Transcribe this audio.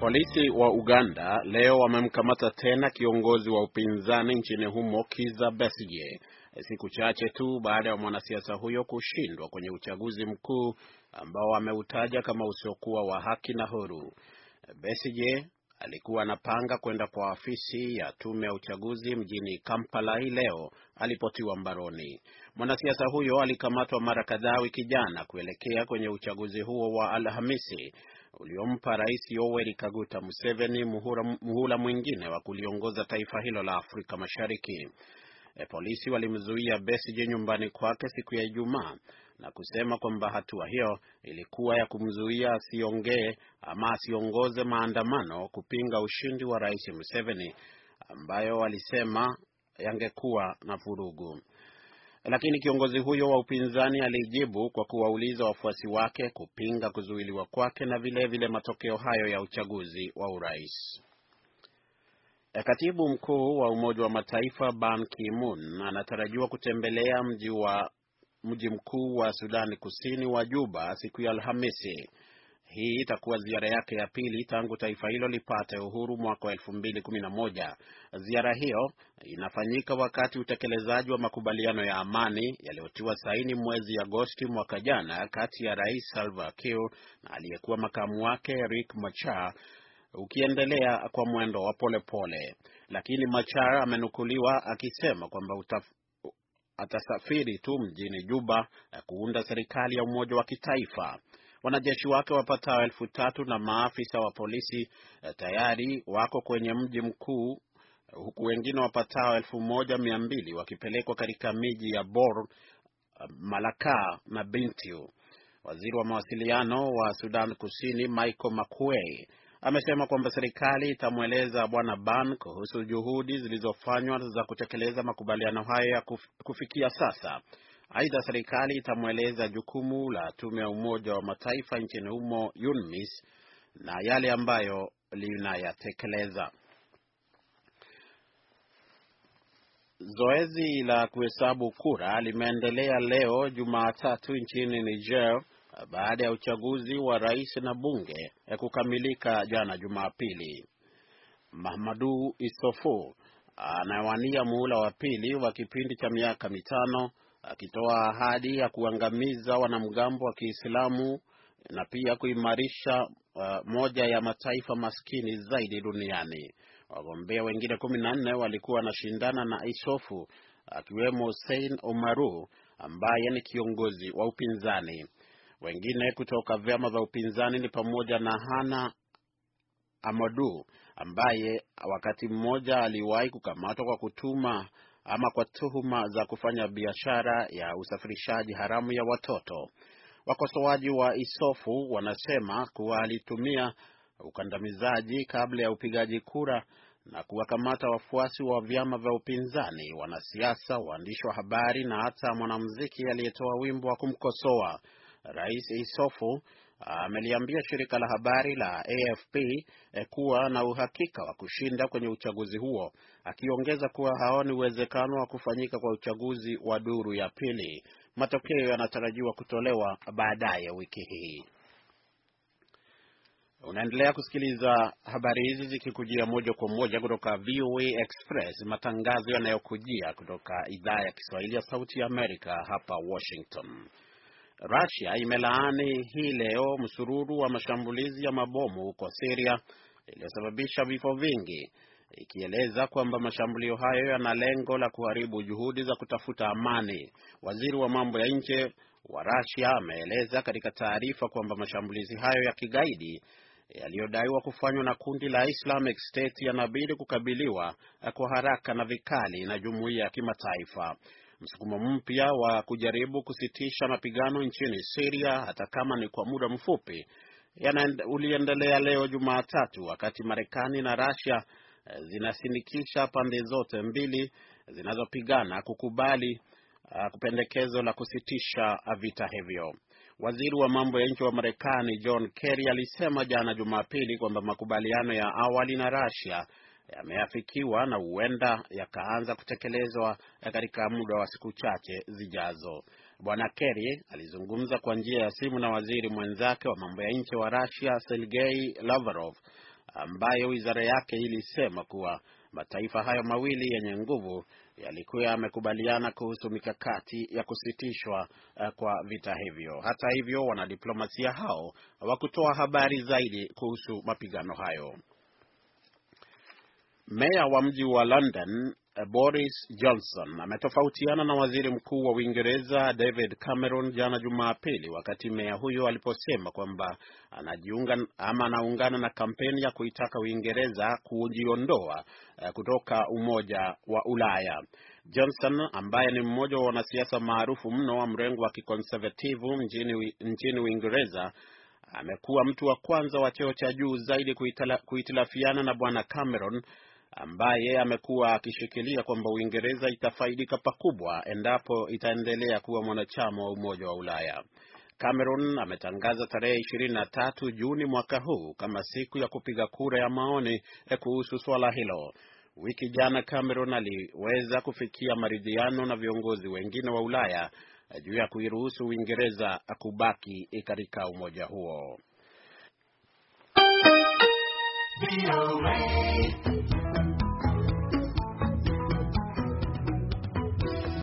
Polisi wa Uganda leo wamemkamata tena kiongozi wa upinzani nchini humo Kizza Besigye siku chache tu baada ya mwanasiasa huyo kushindwa kwenye uchaguzi mkuu ambao ameutaja kama usiokuwa wa haki na huru. Besigye alikuwa anapanga kwenda kwa afisi ya tume ya uchaguzi mjini Kampala hii leo alipotiwa mbaroni. Mwanasiasa huyo alikamatwa mara kadhaa wiki jana kuelekea kwenye uchaguzi huo wa Alhamisi uliompa Rais Yoweri Kaguta Museveni muhula mwingine wa kuliongoza taifa hilo la Afrika Mashariki. E, polisi walimzuia Besigye nyumbani kwake siku ya Ijumaa na kusema kwamba hatua hiyo ilikuwa ya kumzuia asiongee ama asiongoze maandamano kupinga ushindi wa Rais Museveni ambayo walisema yangekuwa na vurugu. Lakini kiongozi huyo wa upinzani alijibu kwa kuwauliza wafuasi wake kupinga kuzuiliwa kwake na vilevile vile matokeo hayo ya uchaguzi wa urais. E, katibu mkuu wa Umoja wa Mataifa Ban Ki-moon anatarajiwa kutembelea mji wa mji mkuu wa Sudani Kusini wa Juba siku ya Alhamisi. Hii itakuwa ziara yake ya pili tangu taifa hilo lipate uhuru mwaka wa moja. Ziara hiyo inafanyika wakati utekelezaji wa makubaliano ya amani yaliyotiwa saini mwezi Agosti mwaka jana kati ya Rais Salva Kiir na aliyekuwa makamu wake Riek Machar ukiendelea kwa mwendo wa polepole, lakini Machar amenukuliwa akisema kwamba atasafiri tu mjini Juba kuunda serikali ya umoja wa kitaifa. Wanajeshi wake wapatao elfu tatu na maafisa wa polisi eh, tayari wako kwenye mji mkuu huku wengine wapatao elfu moja mia mbili wakipelekwa katika miji ya Bor, eh, Malaka na Bintiu. Waziri wa mawasiliano wa Sudan Kusini Michael Makuei amesema kwamba serikali itamweleza Bwana Ban kuhusu juhudi zilizofanywa za kutekeleza makubaliano hayo ya kufikia sasa. Aidha, serikali itamweleza jukumu la tume ya Umoja wa Mataifa nchini humo UNMISS na yale ambayo linayatekeleza. Zoezi la kuhesabu kura limeendelea leo Jumatatu nchini Niger baada ya uchaguzi wa rais na bunge kukamilika jana Jumapili. Mahmadu isofu anawania muhula wa pili wa kipindi cha miaka mitano akitoa ahadi ya kuangamiza wanamgambo wa Kiislamu na pia kuimarisha uh, moja ya mataifa maskini zaidi duniani. Wagombea wengine kumi na nne walikuwa wanashindana na Isofu akiwemo Sein Omaru ambaye ni kiongozi wa upinzani. Wengine kutoka vyama vya upinzani ni pamoja na Hana Amadu ambaye wakati mmoja aliwahi kukamatwa kwa kutuma ama kwa tuhuma za kufanya biashara ya usafirishaji haramu ya watoto. Wakosoaji wa Isofu wanasema kuwa alitumia ukandamizaji kabla ya upigaji kura na kuwakamata wafuasi wa vyama vya upinzani, wanasiasa, waandishi wa habari na hata mwanamuziki aliyetoa wimbo wa kumkosoa. Rais isofu ah, ameliambia shirika la habari la AFP eh, kuwa na uhakika wa kushinda kwenye uchaguzi huo, akiongeza kuwa haoni uwezekano wa kufanyika kwa uchaguzi wa duru ya pili. Matokeo yanatarajiwa kutolewa baadaye wiki hii. Unaendelea kusikiliza habari hizi zikikujia moja kwa moja kutoka VOA Express, matangazo yanayokujia kutoka idhaa ya Kiswahili ya Sauti ya Amerika hapa Washington. Russia imelaani hii leo msururu wa mashambulizi ya mabomu huko Syria iliyosababisha vifo vingi, ikieleza kwamba mashambulio hayo yana lengo la kuharibu juhudi za kutafuta amani. Waziri wa mambo ya nje wa Russia ameeleza katika taarifa kwamba mashambulizi hayo ya kigaidi yaliyodaiwa kufanywa na kundi la Islamic State yanabidi kukabiliwa kwa haraka na vikali na jumuiya ya kimataifa msukumo mpya wa kujaribu kusitisha mapigano nchini Syria hata kama ni kwa muda mfupi uliendelea leo Jumatatu, wakati Marekani na Russia eh, zinasindikisha pande zote mbili zinazopigana kukubali uh, pendekezo la kusitisha vita hivyo. Waziri wa mambo ya nje wa Marekani John Kerry alisema jana Jumapili kwamba makubaliano ya awali na Russia yameafikiwa na huenda yakaanza kutekelezwa eh, katika muda wa siku chache zijazo. Bwana Kerry alizungumza kwa njia ya simu na waziri mwenzake wa mambo ya nje wa Russia Sergei Lavrov, ambaye wizara yake ilisema kuwa mataifa hayo mawili yenye nguvu yalikuwa yamekubaliana kuhusu mikakati ya kusitishwa eh, kwa vita hivyo. Hata hivyo, wanadiplomasia hao hawakutoa habari zaidi kuhusu mapigano hayo. Meya wa mji wa London eh, Boris Johnson ametofautiana na waziri mkuu wa Uingereza David Cameron jana Jumapili, wakati meya huyo aliposema kwamba anajiunga ama anaungana na kampeni ya kuitaka Uingereza kujiondoa eh, kutoka Umoja wa Ulaya. Johnson ambaye ni mmoja wa wanasiasa maarufu mno wa mrengo wa kikonservativu nchini nchini Uingereza amekuwa mtu wa kwanza wa cheo cha juu zaidi kuhitilafiana na bwana Cameron ambaye amekuwa akishikilia kwamba Uingereza itafaidika pakubwa endapo itaendelea kuwa mwanachama wa Umoja wa Ulaya. Cameron ametangaza tarehe 23 Juni mwaka huu kama siku ya kupiga kura ya maoni eh, kuhusu swala hilo. Wiki jana Cameron aliweza kufikia maridhiano na viongozi wengine wa Ulaya eh, juu ya kuiruhusu Uingereza kubaki eh, katika umoja huo.